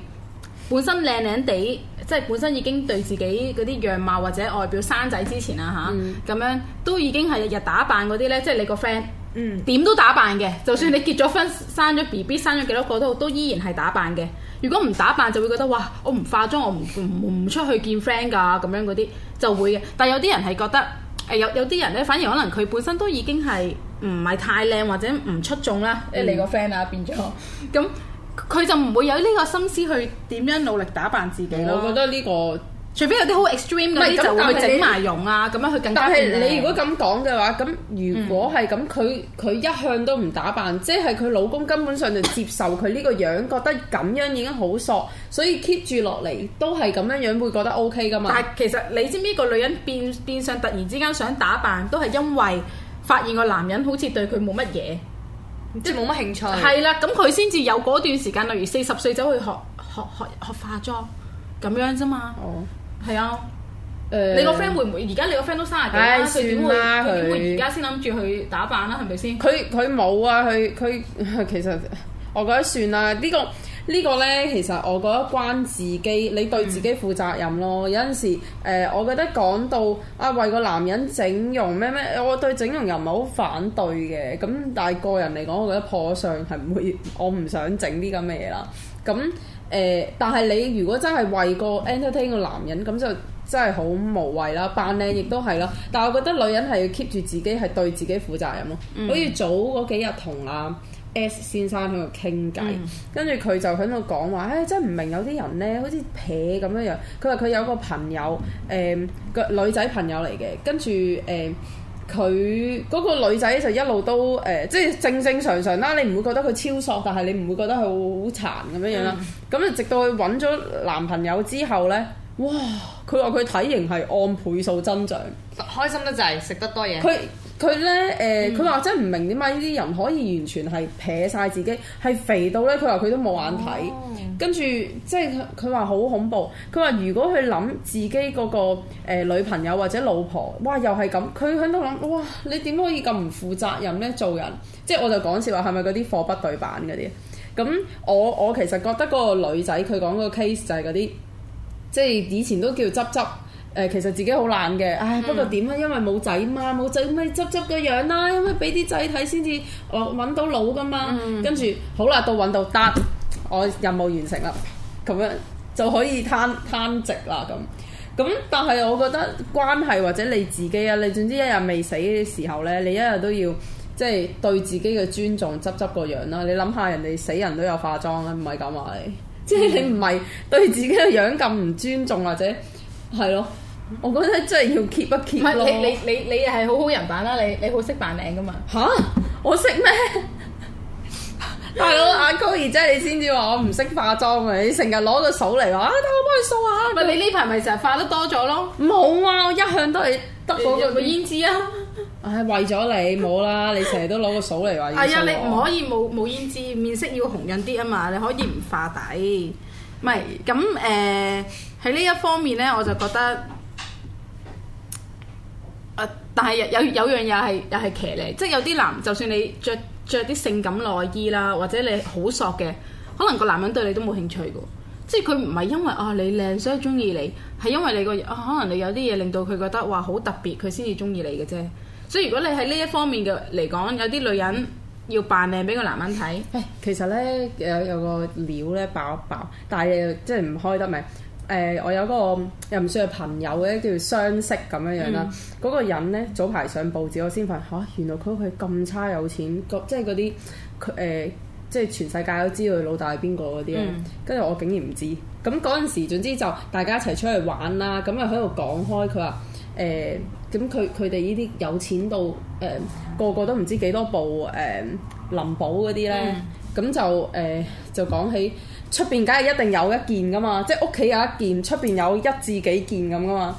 本身靚靚地，即係本身已經對自己嗰啲樣貌或者外表生仔之前啊吓咁、嗯、樣都已經係日日打扮嗰啲咧，即係你個 friend。嗯，點都打扮嘅，就算你結咗婚、 生咗 BB、生咗幾多個都都依然係打扮嘅。如果唔打扮就會覺得哇，我唔化妝，我唔唔出去見 friend 噶，咁樣嗰啲就會嘅。但係有啲人係覺得誒，有有啲人呢，反而可能佢本身都已經係唔係太靚或者唔出眾啦，你個 friend 啊變咗，咁佢、嗯、就唔會有呢個心思去點樣努力打扮自己。嗯嗯、我覺得呢、呢個。除非有啲好 extreme 嗰啲就會整埋容啊，咁樣佢更加完美。但係你如果咁講嘅話，咁、嗯、如果係咁，佢佢一向都唔打扮，嗯、即係佢老公根本上就接受佢呢個樣， 覺得咁樣已經好索，所以 keep 住落嚟都係咁樣樣會覺得 OK 噶嘛。但係其實你知唔知個女人變變相突然之間想打扮，都係因為發現個男人好似對佢冇乜嘢，即係冇乜興趣。係啦，咁佢先至有嗰段時間，例如四十歲走去學學學學化妝咁樣啫嘛。哦。係啊，誒、呃，你個 friend 會唔會而家你個 friend 都三十幾歲啦？佢點會？佢點、啊、唉會？而家先諗住去打扮啦，係咪先？佢佢冇啊！佢佢、啊、 其實我覺得算啦。呢、這個這個呢個呢個呢個咧，其實我覺得關自己，你對自己負責任咯。嗯、有陣時誒、呃，我覺得講到啊，為個男人整容咩咩，我對整容又唔係好反對嘅。咁但係個人嚟講，我覺得破相係唔會，我唔想整啲咁嘅嘢啦。咁。誒、呃，但係你如果真係為個 entertain 個、er、男人，咁就真係好無謂啦，扮靚亦都係啦。但係我覺得女人係要 keep 住自己，係對自己負責任咯。好似、mm. 早嗰幾日同阿 S 先生喺度傾偈，mm. 跟住佢就喺度講話，誒、欸、真係唔明有啲人咧，好似撇咁樣樣。佢話佢有個朋友，誒、呃、個女仔朋友嚟嘅，跟住誒。呃佢嗰個女仔就一路都誒、呃，即係正正常常啦。你唔會覺得佢超索，但係你唔會覺得佢好殘咁、嗯、樣樣啦。咁啊，直到佢揾咗男朋友之後呢，哇！佢話佢體型係按倍數增長，開心得滯，食得多嘢。佢咧誒，佢話、呃嗯、真係唔明點解呢啲人可以完全係撇晒自己，係肥到咧，佢話佢都冇眼睇，跟住即係佢佢話好恐怖。佢話如果佢諗自己嗰、嗰個、呃、女朋友或者老婆，哇又係咁，佢喺度諗，哇你點可以咁唔負責任咧？做人即係我就講笑話，係咪嗰啲貨不對辦嗰啲？咁我我其實覺得嗰個女仔佢講嗰個 case 就係嗰啲，即、就、係、是、以前都叫執執。誒，其實自己好懶嘅，唉不過點咧？因為冇仔嘛，冇仔咪你執執個樣、啊、因為俾啲仔睇先至，我揾到老噶嘛。跟住好啦，到揾到，得我任務完成啦，咁樣就可以攤攤直啦咁。咁但係我覺得關係或者你自己啊，你總之一日未死嘅時候咧，你一日都要即係、就是、對自己嘅尊重，執執個樣啦。你諗下人哋死人都有化妝咧，唔係咁話你，即、就、係、是、你唔係對自己嘅樣咁唔尊重，或者係咯？我覺得真係要 keep 一 keep 咯。唔係你你你你係好好人扮啦，你你好識扮靚㗎嘛？嚇，我識咩？大佬，眼高二啫，你先至話我唔識化妝啊，你成日攞個掃嚟話啊，等我幫你掃下。唔係你呢排咪成日化得多咗咯？冇啊，我一向都係得嗰個個胭脂啊。唉，為咗你冇啦，你成日都攞個掃嚟話。係啊，你唔可以冇冇胭脂，面色要紅潤啲啊嘛。你可以唔化底。唔係咁誒，喺呢一方面咧，我就覺得。但係有有有樣嘢係又係騎呢，即係有啲男，就算你着著啲性感內衣啦，或者你好索嘅，可能個男人對你都冇興趣嘅。即係佢唔係因為啊你靚所以中意你，係因為你個、啊、可能你有啲嘢令到佢覺得哇好特別，佢先至中意你嘅啫。所以如果你喺呢一方面嘅嚟講，有啲女人要扮靚俾個男人睇。誒，其實呢，有有個料咧爆一爆，但係即係唔開得名。誒、呃，我有嗰個又唔算係朋友嘅，叫做相識咁樣樣啦。嗰、嗯、個人呢，早排上報紙，我先發現原來佢佢咁差有錢，即係嗰啲誒，即係、呃、全世界都知佢老大係邊個嗰啲，跟住我竟然唔知。咁嗰陣時，總之就大家一齊出去玩啦，咁又喺度講開，佢話誒，咁佢佢哋呢啲有錢到誒、呃，個個都唔知幾多部誒、呃、林寶嗰啲呢。嗯，咁就誒、呃，就講起。出邊梗係一定有一件噶嘛，即係屋企有一件，出邊有一至幾件咁噶嘛。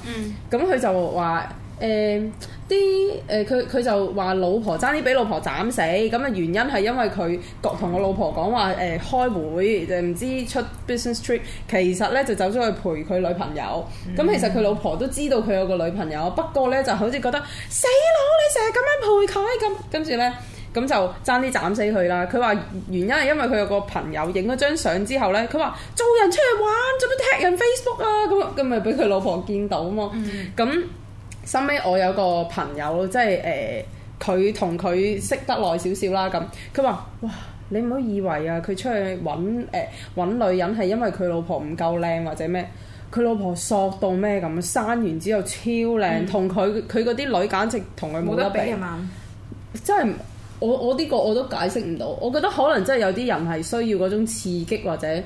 咁佢、嗯、就話誒啲誒佢佢就話老婆爭啲俾老婆斬死，咁啊，原因係因為佢同同我老婆講話誒開會，就唔知出 business trip，其實咧就走咗去陪佢女朋友。咁、嗯、其實佢老婆都知道佢有個女朋友，不過咧就好似覺得死佬你成日咁樣陪佢咁，跟住咧。咁就爭啲斬死佢啦！佢話原因係因為佢有個朋友影咗張相之後呢，佢話做人出去玩做乜踢人 Facebook 啊！咁咁咪俾佢老婆見到啊嘛！咁收尾我有個朋友即係誒，佢同佢識得耐少少啦，咁佢話：哇！你唔好以為啊，佢出去揾誒揾女人係因為佢老婆唔夠靚或者咩？佢老婆索到咩咁？生完之後超靚，同佢佢嗰啲女簡直同佢冇得比，㗎嘛，真係。我我呢個我都解釋唔到，我覺得可能真係有啲人係需要嗰種刺激或者誒、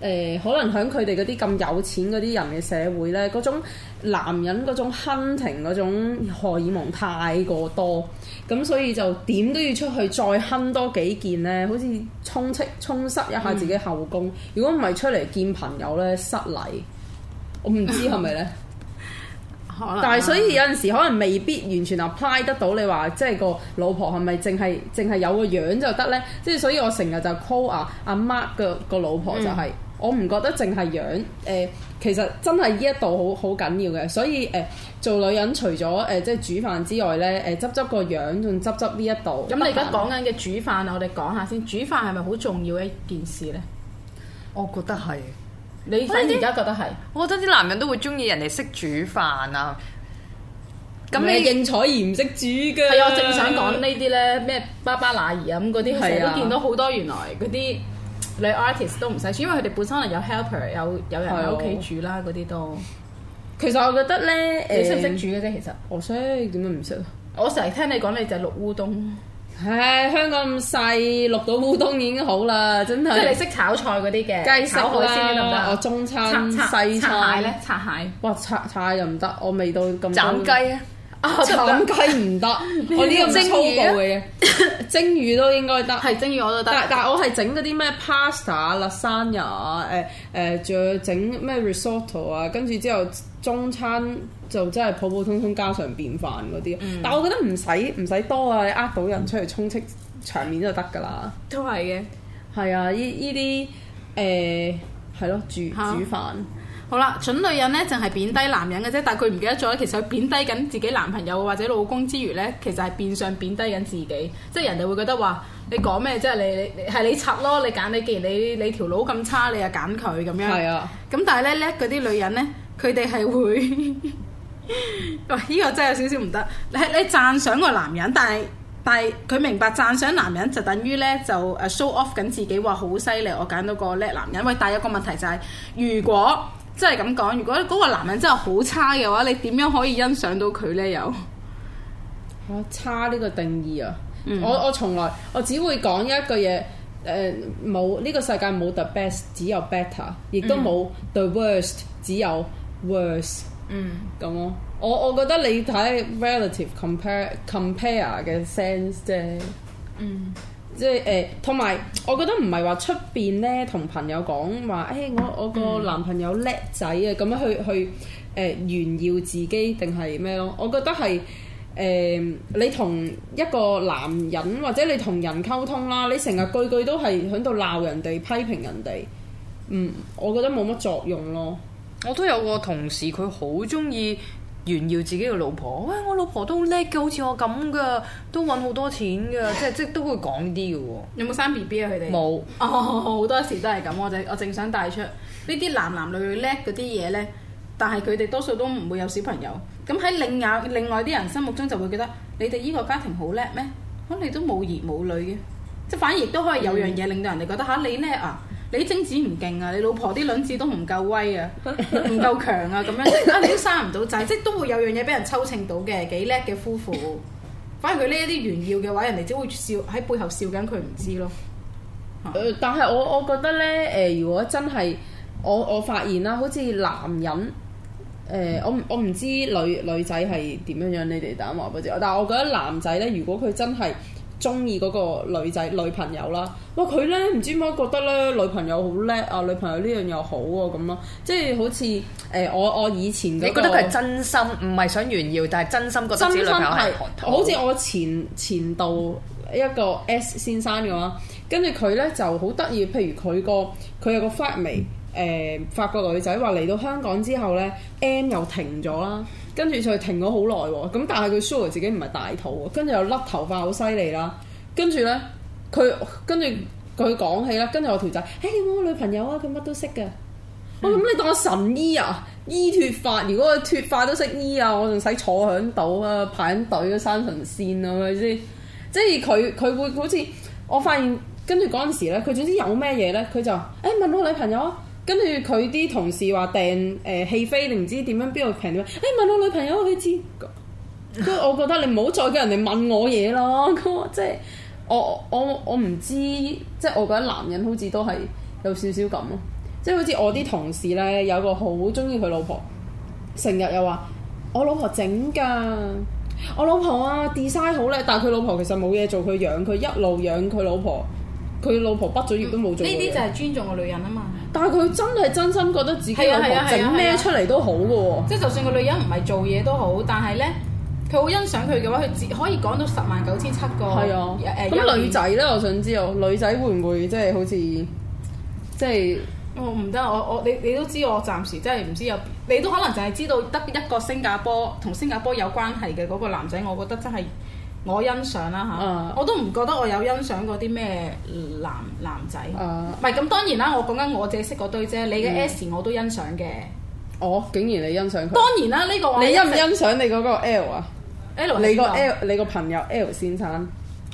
呃，可能喺佢哋嗰啲咁有錢嗰啲人嘅社會呢，嗰種男人嗰種 hunting 嗰種荷爾蒙太過多，咁所以就點都要出去再 hunt 多幾件呢，好似充斥充塞一下自己後宮。如果唔係出嚟見朋友呢，失禮。我唔知係咪呢？嗯 啊、但係所以有陣時可能未必完全 apply 得到，你話即係個老婆係咪淨係淨係有個樣就得呢？即係所以我成日就 call 啊阿 Mark 個老婆就係、是，嗯、我唔覺得淨係樣誒、呃，其實真係呢一度好好緊要嘅。所以誒、呃，做女人除咗誒、呃、即係煮飯之外呢，誒執執個樣仲執執呢一度。咁、嗯嗯、你而家講緊嘅煮飯，我哋講下先說說。煮飯係咪好重要一件事呢？我覺得係。你反而而家覺得係，我覺得啲男人都會中意人哋識煮飯啊。咁你應采兒唔識煮嘅？啊，係啊，我正想講呢啲咧咩巴巴拿兒那啊咁嗰啲，成日都見到好多原來嗰啲女 artist 都唔使煮，因為佢哋本身可能有 helper 有有人喺屋企煮啦嗰啲都。哦、其實我覺得咧，嗯、你識唔識煮嘅啫，其實樣我識點解唔識啊？我成日聽你講你就淥烏冬。唉，香港咁細，錄到烏冬已經好啦，真係。即係你識炒菜嗰啲嘅，炒海鮮啲得唔得？我中餐西菜，咧，擦蟹。哇！擦擦又唔得，我味到咁。斬雞啊！斬雞唔得，我呢咁粗暴嘅蒸魚都應該得，係蒸魚我都得。但但係我係整嗰啲咩 pasta 啦、生肉啊、誒誒，仲要整咩 risotto 啊，跟住之後中餐。就真係普普通通家常便飯嗰啲，嗯、但我覺得唔使唔使多啊，你呃到人出嚟充斥場面就得㗎啦。都係嘅，係啊，呢依啲誒係咯，煮好煮飯。好啦，蠢女人呢，淨係貶低男人嘅啫，但係佢唔記得咗，其實佢貶低緊自己男朋友或者老公之餘呢，其實係變相貶低緊自己。即係人哋會覺得話你講咩啫？你即你係你拆咯？你揀你，你，你，既然你你條佬咁差，你又揀佢咁樣。係啊。咁但係呢，叻嗰啲女人呢，佢哋係會。 喂，呢個真係有少少唔得。你你讚賞個男人，但係但係佢明白讚賞男人就等於呢，就誒 show off 緊自己，話好犀利，我揀到個叻男人。因為第一個問題就係，如果真係咁講，如果嗰個男人真係好差嘅話，你點樣可以欣賞到佢呢？又，吓差呢個定義啊！嗯、我我從來我只會講一個嘢，誒、呃，冇呢個世界冇 the best，只有 better，亦都冇 the worst，只有 worse。嗯，咁咯，我我覺得你睇 relative compare compare 嘅 sense 啫，嗯，即係誒，同、呃、埋我覺得唔係話出邊咧，同朋友講話，誒、欸、我我個男朋友叻仔啊，咁、嗯、樣去去誒、呃、炫耀自己定係咩咯？我覺得係誒、呃，你同一個男人或者你同人溝通啦，你成日句句都係喺度鬧人哋、批評人哋，嗯，我覺得冇乜作用咯。我都有個同事，佢好中意炫耀自己嘅老婆。喂，我老婆都叻嘅，好似我咁噶，都揾好多錢噶，即係即都會講啲嘅喎。有冇生 B B 啊？佢哋冇。好多時都係咁，我我正想帶出呢啲男男女女叻嗰啲嘢呢，但係佢哋多數都唔會有小朋友。咁喺另有另外啲人心目中就會覺得你哋呢個家庭好叻咩？嚇你都冇兒冇女嘅，即反而都可以有樣嘢令到人哋覺得嚇你叻啊！你精子唔勁啊！你老婆啲卵子都唔夠威啊，唔夠強啊，咁樣啊，你都生唔到仔， 即係都會有樣嘢俾人抽秤到嘅，幾叻嘅夫婦， 反而佢呢一啲炫耀嘅話，人哋只會笑喺背後笑緊，佢唔知咯。 呃、但係我我覺得呢，誒、呃，如果真係我我發現啦，好似男人，誒、呃，我我唔知女女仔係點樣樣，你哋打馬不之，但係我覺得男仔呢，如果佢真係。中意嗰個女仔女朋友啦，哇佢咧唔知點解覺得咧女朋友好叻啊，女朋友呢樣又好喎咁咯。即係好似誒、呃、我我以前嗰、那個、你覺得佢真心唔係想炫耀，但係真心覺得自己女朋友係好似我前前度一個 S 先生咁話。跟住佢咧就好得意，譬如佢個佢有個 flatmate，發個女仔話嚟到香港之後咧 M 又停咗啦。跟住就停咗好耐喎，咁但係佢 sure 自己唔係大肚，跟住又甩頭髮好犀利啦，跟住咧佢跟住佢講起啦，跟住我條仔，誒、欸、你冇女朋友啊，佢乜都識嘅，嗯、我咁你當我神醫啊？醫脱髮，嗯、如果我脱髮都識醫啊，我仲使坐響度啊，排緊隊嘅生神仙啊，咪先？即係佢佢會好似我發現，跟住嗰陣時咧，佢總之有咩嘢咧，佢就誒、欸、問我女朋友、啊。跟住佢啲同事話訂誒、呃、戲飛你唔知點樣邊度平點？誒、欸、問我女朋友佢知。都 我覺得你唔好再叫人哋問我嘢咯。即係我我我唔知，即係我覺得男人好似都係有少少咁咯。即係好似我啲同事咧，有個好鍾意佢老婆，成日又話我老婆整㗎，我老婆啊 design 好叻，但係佢老婆其實冇嘢做，佢養佢一路養佢老婆，佢老婆畢咗業都冇做、嗯。呢啲就係尊重個女人啊嘛～但係佢真係真心覺得自己有成就咩出嚟都好嘅喎、啊啊啊啊啊啊啊，即係就算個女人唔係做嘢都好，但係呢，佢好欣賞佢嘅話，佢可以講到十萬九千七個。係啊，咁、嗯嗯嗯、女仔呢，我想知道，女仔會唔會即係好似即係？我唔得，我我你你都知，我暫時真係唔知有，你都可能淨係知道得一個新加坡同新加坡有關係嘅嗰個男仔，我覺得真係。我欣賞啦嚇，我都唔覺得我有欣賞過啲咩男男仔，唔係咁當然啦，我講緊我自己識嗰堆啫。你嘅 S 我都欣賞嘅，我竟然你欣賞佢？當然啦，呢個你欣唔欣賞你嗰個 L 啊？L 你個 L 你個朋友 L 先生？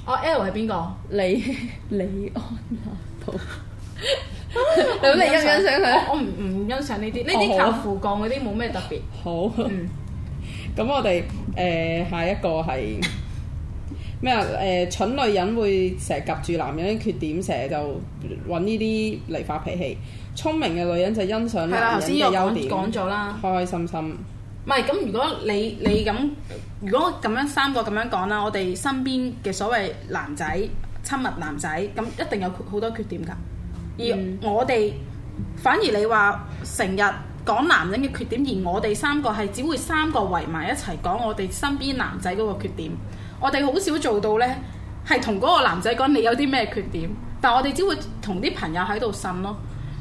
哦，L 係邊個？李李安納，咁你欣唔欣賞佢？我唔唔欣賞呢啲，呢啲靠父幹嗰啲冇咩特別。好，咁我哋誒下一個係。咩啊？誒、呃，蠢女人會成日夾住男人啲缺點，成日就揾呢啲嚟發脾氣。聰明嘅女人就欣賞，係啦，頭先有講咗啦，開開心心。唔係咁，如果你你咁，如果咁樣三個咁樣講啦，我哋身邊嘅所謂男仔、親密男仔，咁一定有好多缺點㗎。而我哋、嗯、反而你話成日講男人嘅缺點，而我哋三個係只會三個圍埋一齊講我哋身邊男仔嗰個缺點。我哋好少做到呢，係同嗰個男仔講你有啲咩缺點，但我哋只會同啲朋友喺度呻咯。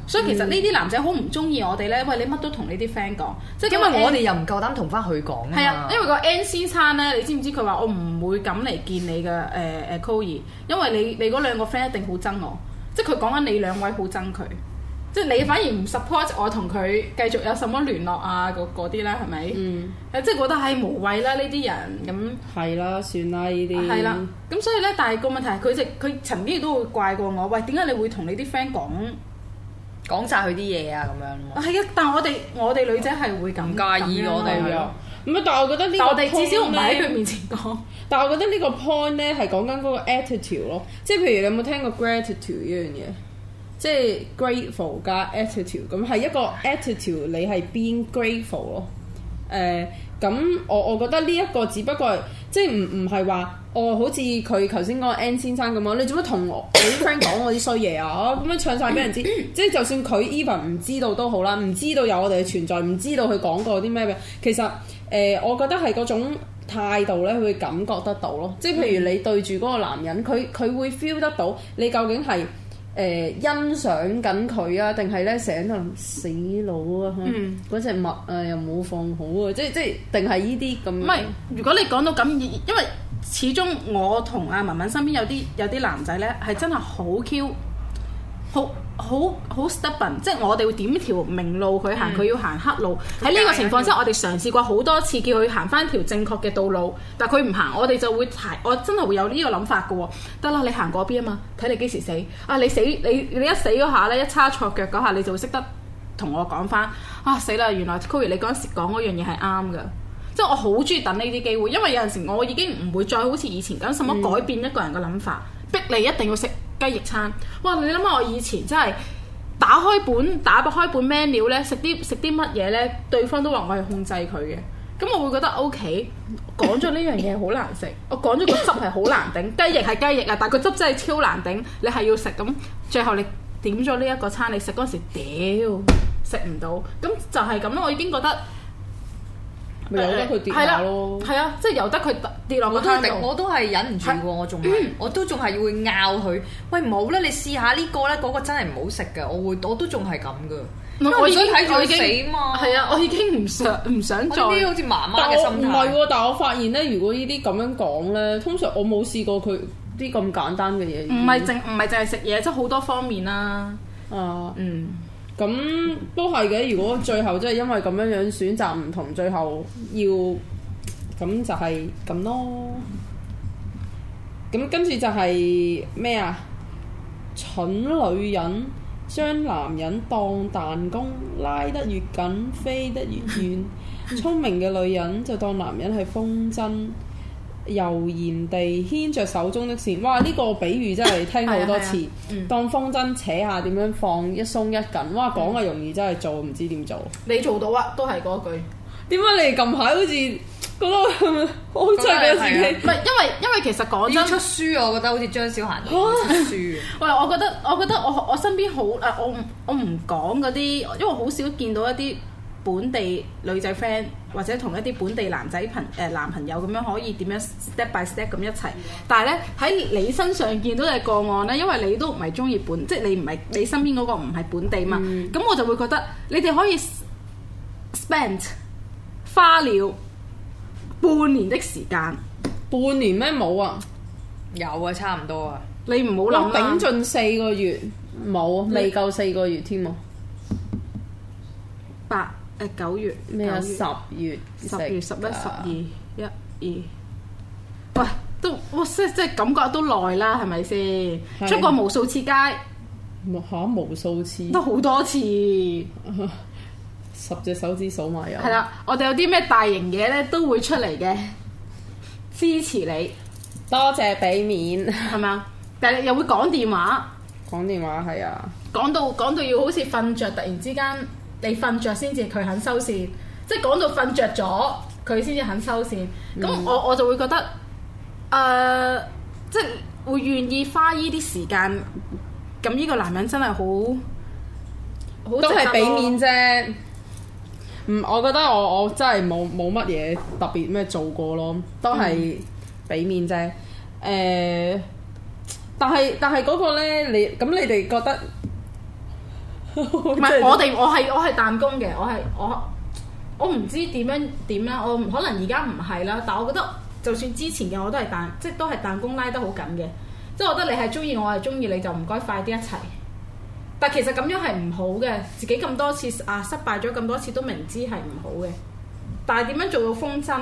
所以其實呢啲男仔好唔中意我哋呢，喂，你乜都同呢啲 friend 講，即係因，因為我哋 Anne, 又唔夠膽同翻佢講啊。係啊，因為個 N 先生呢，你知唔知佢話我唔會敢嚟見你嘅誒誒 Koey，因為你你嗰兩個 friend 一定好憎我，即係佢講緊你兩位好憎佢。即係你反而唔 support 我同佢繼續有什麼聯絡啊？嗰啲啦，係咪？嗯，即係覺得係無謂啦，呢啲人咁。係啦，算啦呢啲。係啦，咁所以咧，但係個問題係佢直佢曾經亦都會怪過我，喂，點解你會同你啲 friend 講講晒佢啲嘢啊咁樣？係啊，但係我哋我哋女仔係會咁介意我哋樣啊，唔但係我覺得呢個 p o 至少唔係喺佢面前講。但係我覺得呢個 point 咧係講緊嗰個 attitude 咯，即係譬如你有冇聽過 gratitude 呢樣嘢？即係 grateful 加 attitude，咁係一個 attitude，你係邊 grateful 咯、呃？誒，咁我我覺得呢一個只不過係即係唔唔係話哦，好似佢頭先講 N 先生咁樣，你做乜同我啲 friend 講我啲衰嘢啊？咁、哦、樣唱晒俾人知，即係 就，就算佢 even 唔知道都好啦，唔知道有我哋嘅存在，唔知道佢講過啲咩嘅，其實誒、呃，我覺得係嗰種態度咧，佢會感覺得到咯。即係譬如你對住嗰個男人，佢佢會 feel 得到你究竟係。誒、呃、欣賞緊佢啊，定係咧成日都死佬、嗯、啊，嗰隻襪啊又冇放好啊，即係即係，定係依啲咁。唔係，如果你講到咁，因為始終我同阿、啊、文文身邊有啲有啲男仔咧，係真係好 Q。好好好 stubborn，即係我哋會點條明路佢行，佢、嗯、要行黑路。喺呢個情況之下，要我哋嘗試過好多次叫佢行翻條正確嘅道路，但佢唔行，我哋就會提，我真係會有呢個諗法嘅、哦。得啦，你行嗰邊啊嘛，睇你幾時死。啊，你死你你一死嗰下咧，一叉錯腳嗰下，你就會識得同我講翻。啊，死啦！原來 Koir 你嗰陣時講嗰樣嘢係啱嘅。即係我好中意等呢啲機會，因為有陣時我已經唔會再好似以前咁，什麼改變一個人嘅諗法，嗯、逼你一定要識。雞翼餐，哇！你諗下我以前真係打開本打不開本 menu 呢，食啲食啲乜嘢呢？對方都話我係控制佢嘅，咁我會覺得 OK。講咗呢樣嘢好難食，我講咗個汁係好難頂，雞翼係雞翼啊，但係個汁真係超難頂，你係要食咁，最後你點咗呢一個餐，你食嗰時屌食唔到，咁就係咁咯，我已經覺得。由得佢跌下咯，係啊，即係由得佢跌落。我都食，我都係忍唔住喎，我仲，我都仲係會拗佢。喂，唔好咧，你試下呢、這個咧，嗰、那個真係唔好食嘅。我會，我都仲係咁噶。因為我，我已經想睇佢死嘛。係啊，我已經唔想唔想再。呢啲好似媽媽嘅心態但。唔會，但係我發現咧，如果呢啲咁樣講咧，通常我冇試過佢啲咁簡單嘅嘢。唔係淨唔係淨係食嘢，即係好多方面啦。啊，啊嗯。咁都係嘅，如果最後真係因為咁樣樣選擇唔同，最後要咁就係咁咯。咁跟住就係咩啊？蠢女人將男人當彈弓，拉得越緊，飛得越遠。聰明嘅女人就當男人係風箏。悠然地牽着手中的線，哇！呢、這個比喻真係聽好多次。 啊、當風箏扯下點樣放，一鬆一緊，哇！講嘅容易，嗯、真係做唔知點做。做你做到啊？都係嗰句。點解你近排好似覺得 好差嘅自己唔係，因為因為其實講真，出書我覺得好似張小嫻要出書喂，我覺得我覺得我我身邊好誒，我我唔講嗰啲，因為好少見到一啲。本地女仔 friend 或者同一啲本地男仔朋誒男朋友咁樣可以點樣 step by step 咁一齊？嗯、但係呢，喺你身上見到嘅個案呢，因為你都唔係中意本，即係你唔係你身邊嗰個唔係本地嘛。咁、嗯、我就會覺得你哋可以 spent 花了半年的時間，半年咩冇啊？有啊，差唔多啊。你唔好諗頂盡四個月，冇啊，未你夠四個月添啊！誒九月，咩？十月，十月十一、十二、一、二。喂，都哇！即係感覺都耐啦，係咪先？是出過無數次街，嚇、啊、無數次，都好多次。 十隻手指數埋有。係啦，我哋有啲咩大型嘢咧，都會出嚟嘅支持你。多謝俾面，係咪？但係又會講電話，講電話係啊，講到講到要好似瞓着突然之間。你瞓着先至，佢肯收線，即係講到瞓着咗，佢先至肯收線。咁、嗯、我我就會覺得，誒、呃，即係會願意花依啲時間。咁呢個男人真係好，啊、都係俾面啫。唔，我覺得我我真係冇冇乜嘢特別咩做過咯，都係俾面啫。誒、嗯呃，但係但係嗰個咧，你咁你哋覺得？唔係我哋，我係我係彈弓嘅，我係我我唔知點樣點啦，我可能而家唔係啦，但我覺得就算之前嘅我都係彈，即係都係彈弓拉得好緊嘅，即係我覺得你係中意我係中意你就唔該快啲一齊，但其實咁樣係唔好嘅，自己咁多次啊失敗咗咁多次都明知係唔好嘅，但係點樣做到風箏？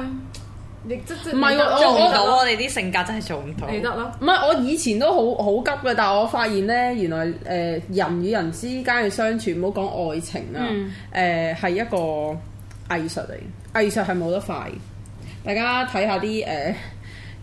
唔係，我做唔到，我哋啲性格真係做唔到你。你得咯。唔係，我以前都好好急嘅，但係我發現咧，原來誒、呃、人與人之間嘅相處，唔好講愛情啦，誒係、嗯呃、一個藝術嚟嘅，藝術係冇得快嘅。大家睇下啲誒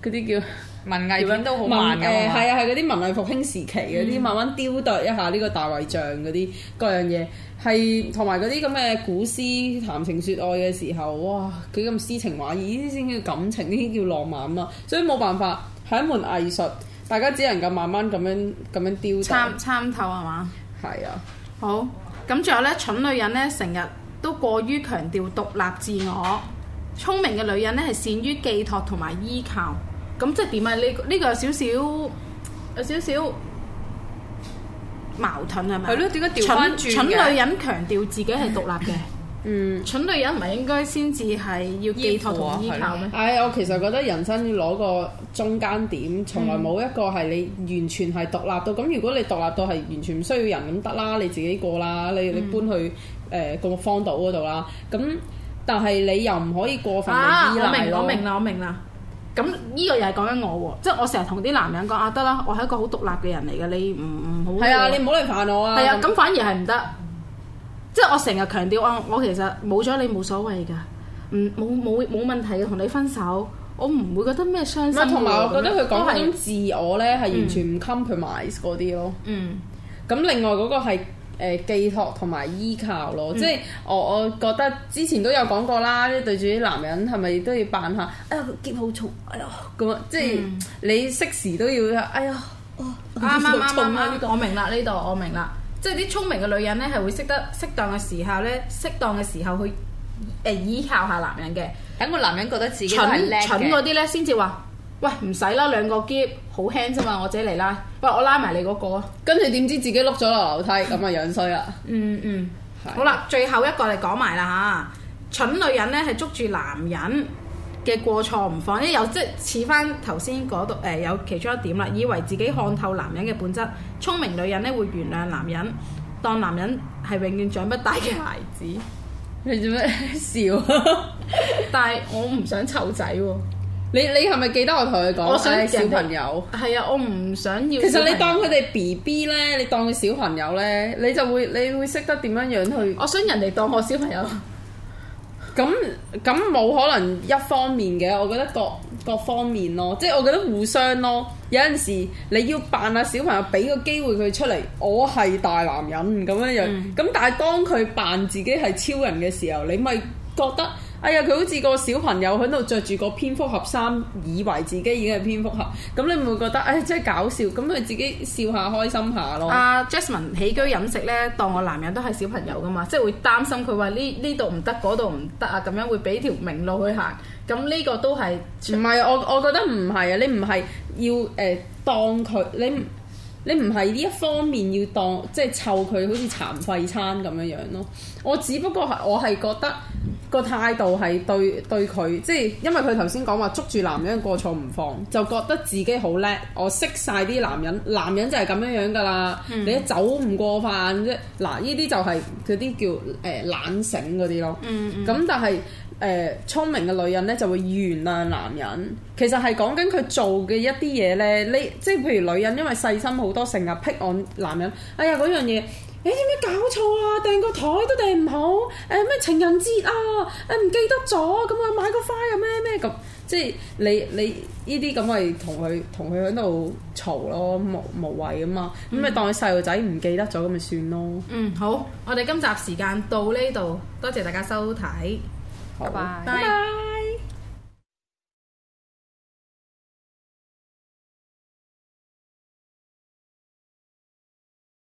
嗰啲叫。文藝片都好慢嘅，係啊，係嗰啲文藝復興時期嗰啲，嗯、慢慢雕琢一下呢個大衛像嗰啲各樣嘢，係同埋嗰啲咁嘅古詩談情説愛嘅時候，哇！佢咁詩情畫意，呢啲先叫感情，呢啲叫浪漫啊嘛！所以冇辦法係一門藝術，大家只能夠慢慢咁樣咁樣雕琢參,參透係嘛？係啊。好，咁最後呢，蠢女人呢，成日都過於強調獨立自我，聰明嘅女人呢，係善於寄託同埋依靠。咁即係點啊？呢呢個有少少有少少矛盾係咪？係咯，點解調翻轉？蠢女人強調自己係獨立嘅。 嗯，蠢女人唔係應該先至係要寄託同依靠咩？係、哎、我其實覺得人生要攞個中間點，從來冇一個係你完全係獨立到咁。嗯、如果你獨立到係完全唔需要人咁得啦，你自己過啦，你你搬去誒個、嗯呃、荒島嗰度啦。咁但係你又唔可以過分獨立我明、啊，我明啦，我明啦。咁呢個又係講緊我喎，即係我成日同啲男人講啊，得啦，我係一個好獨立嘅人嚟嘅，你唔唔好係啊，你唔好嚟煩我啊。係啊，咁反而係唔得，嗯、即係我成日強調啊，我其實冇咗你冇所謂噶，唔冇冇冇問題嘅同你分手，我唔會覺得咩傷心。咪同埋我覺得佢講嗰種自我咧係完全唔 compromise 嗰啲咯。嗯，咁、嗯嗯、另外嗰個係。誒寄託同埋依靠咯，即係我我覺得之前都有講過啦。啲對住啲男人係咪都要扮下哎啊？佢好重，哎呀咁啊！嗯、即係你適、嗯、時都要，哎、喔、呀剛剛，啱啱啱啱，這個、我明啦，呢度我明啦。即係啲聰明嘅女人咧，係會識得適當嘅時候咧，適當嘅時候去誒、呃、依靠下男人嘅。等個男人覺得自己係叻，蠢嗰啲咧先至話。喂，唔使啦，兩個 g 好輕啫嘛，我自己嚟啦。喂，我拉埋你嗰、那個啊。跟住點知自己碌咗落樓梯，咁啊 樣衰啦。嗯嗯。是好啦，最後一個嚟講埋啦吓，蠢女人呢係捉住男人嘅過錯唔放，因有即係似翻頭先嗰度誒有其中一點啦，以為自己看透男人嘅本質。聰明女人呢會原諒男人，當男人係永遠長不大嘅孩子。你做咩笑？但係我唔想湊仔喎。你你係咪記得我同佢講？我想、哎、小朋友係啊，我唔想要。其實你當佢哋 B B 咧，你當佢小朋友咧，你就會你會識得點樣樣去。我想人哋當我小朋友。咁咁冇可能一方面嘅，我覺得各各方面咯，即係我覺得互相咯。有陣時你要扮下小朋友，俾個機會佢出嚟，我係大男人咁樣樣。咁、嗯、但係當佢扮自己係超人嘅時候，你咪覺得。哎呀，佢好似個小朋友喺度着住個蝙蝠俠衫，以為自己已經係蝙蝠俠，咁你唔會覺得，哎，真係搞笑，咁佢自己笑下開心下咯。阿、uh, Jasmine 起居飲食咧，當我男人都係小朋友噶嘛，即係會擔心佢話呢呢度唔得，嗰度唔得啊，咁樣會俾條明路去行。咁呢個都係唔係我我覺得唔係啊，你唔係要誒、呃、當佢，你你唔係呢一方面要當，即係湊佢好似殘廢餐咁樣樣咯。我只不過係我係覺得。個態度係對對佢，即係因為佢頭先講話捉住男人過錯唔放，就覺得自己好叻。我識晒啲男人，男人就係咁樣樣噶啦。嗯、你一走唔過份啫。嗱，呢啲就係嗰啲叫誒、呃、懶醒嗰啲咯。咁、嗯嗯、但係誒、呃、聰明嘅女人呢就會原諒男人。其實係講緊佢做嘅一啲嘢呢，你即係譬如女人因為細心好多，成日批案男人。哎呀，嗰樣嘢。你做咩搞錯啊？訂個枱都訂唔好，誒、欸、咩情人節啊？誒、欸、唔記得咗咁啊？買個花又咩咩咁？即係你你呢啲咁係同佢同佢喺度嘈咯，無無謂啊嘛。咁、嗯、咪當佢細路仔唔記得咗咁咪算咯。嗯，好，我哋今集時間到呢度，多謝大家收睇，拜拜。